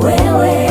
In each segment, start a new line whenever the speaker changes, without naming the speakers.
wewe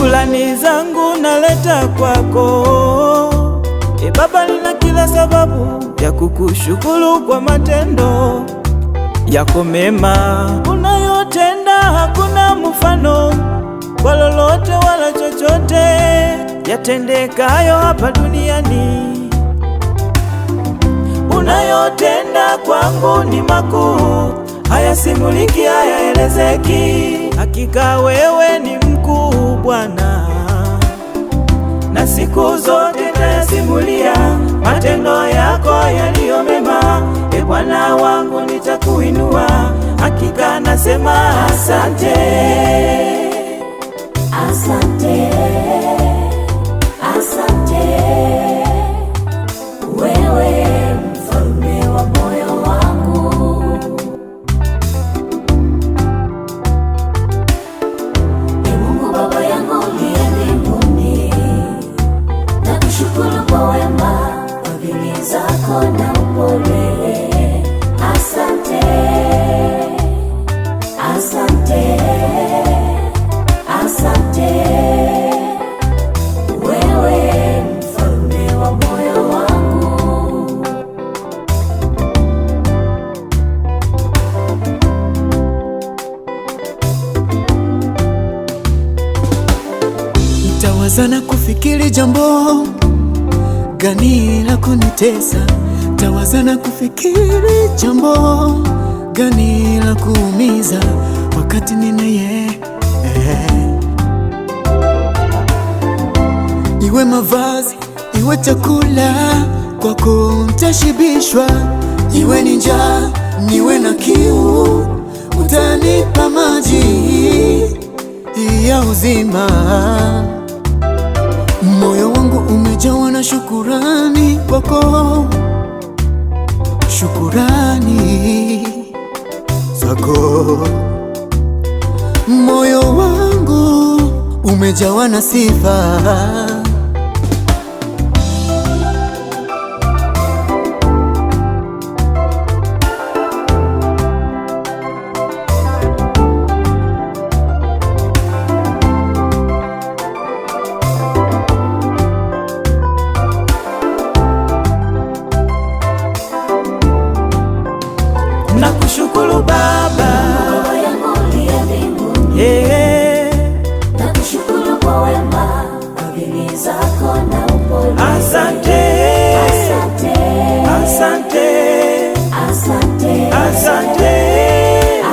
Shukrani zangu naleta kwako e Baba, nina kila sababu ya kukushukuru kwa matendo yako mema unayotenda. Hakuna mfano kwa lolote wala chochote yatendekayo hapa duniani. Unayotenda kwangu ni makuu, hayasimuliki, hayaelezeki. Hakika wewe ni Bwana, na siku zote tayasimulia matendo yako yaliyo mema. E Bwana wangu, nitakuinua hakika, nasema asante,
asante, asante.
tawaza na kufikiri jambo gani la kunitesa, tawaza na kufikiri jambo gani la kuumiza wakati ninaye eh. Iwe mavazi iwe chakula, kwako kumtashibishwa iwe ni njaa niwe na kiu, utanipa maji ya uzima shukurani kwako, shukurani zako. Moyo wangu umejawa na sifa
Nakushukuru kwa wema, fadhili zako na upole. Asante, asante, asante, asante,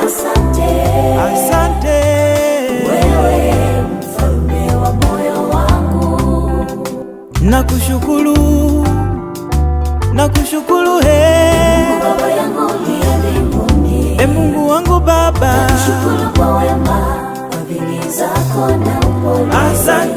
asante, asante, Wewe mfalme wa moyo
wangu, nakushukuru, nakushukuru, he eh. eh, Mungu wangu Baba
na upole. Asante.